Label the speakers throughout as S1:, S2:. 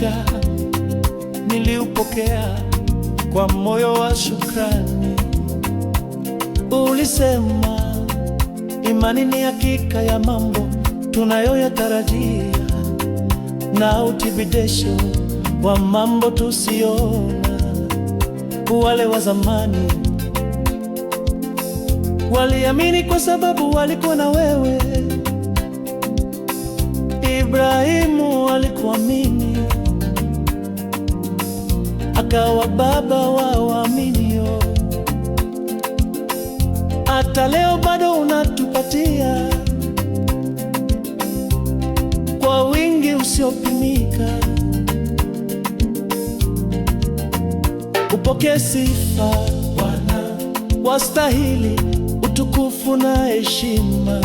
S1: maisha niliupokea kwa moyo wa shukrani. Ulisema imani ni hakika ya mambo tunayoyatarajia na uthibitisho wa mambo tusiona. Wale wa zamani waliamini kwa sababu walikuwa na wewe. Ibrahimu alikuamini akawa baba wa waaminio. Hata leo bado unatupatia kwa wingi usiopimika. Upokee sifa Bwana, wastahili utukufu na heshima.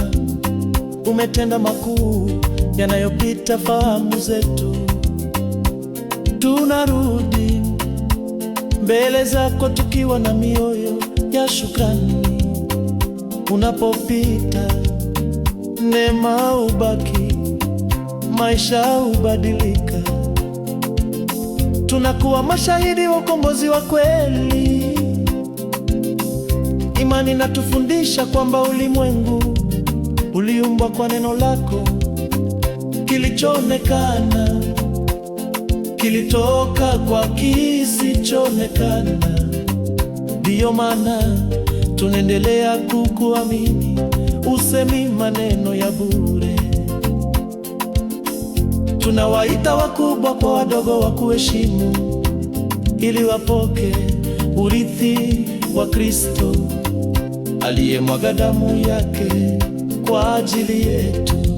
S1: Umetenda makuu yanayopita fahamu zetu, tunarudi mbele zako tukiwa na mioyo ya shukrani, unapopita neema ubaki, maisha ubadilika, tunakuwa mashahidi wa ukombozi wa kweli. Imani natufundisha kwamba ulimwengu uliumbwa kwa neno lako, kilichoonekana kilitoka kii kisichoonekana. Ndiyo maana tunaendelea kukuamini, usemi maneno ya bure. Tunawaita wakubwa kwa wadogo wa kuheshimu, ili wapoke urithi wa Kristo aliyemwaga damu yake kwa ajili yetu.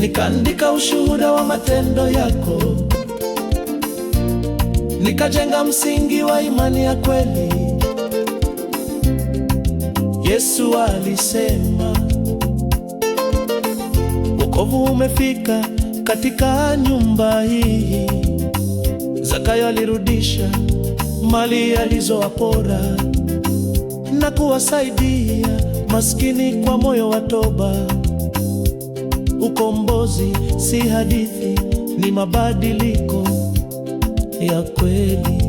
S1: nikaandika ushuhuda wa matendo yako, nikajenga msingi wa imani ya kweli. Yesu alisema wokovu umefika katika nyumba hii. Zakayo alirudisha mali alizowapora na kuwasaidia maskini kwa moyo wa toba. Ukombozi si hadithi, ni mabadiliko ya kweli.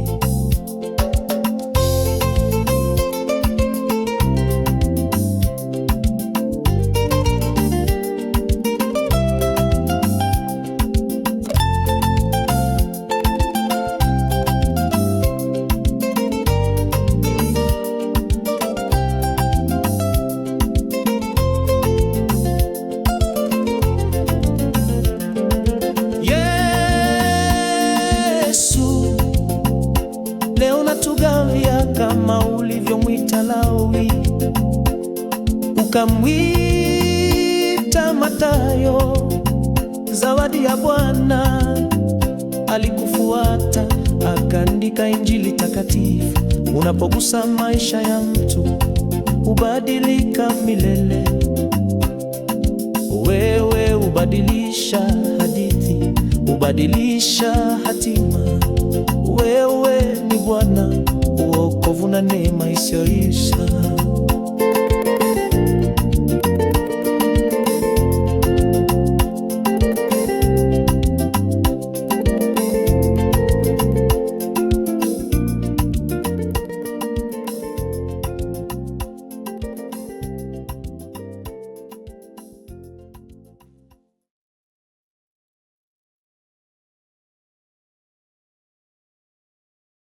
S1: ukavya kama ulivyomwita Lawi, ukamwita Matayo. Zawadi ya Bwana alikufuata, akaandika Injili takatifu. Unapogusa maisha ya mtu hubadilika milele. Wewe hubadilisha hadithi, hubadilisha hatima. Wewe ni Bwana. Makovu na neema isiyoisha.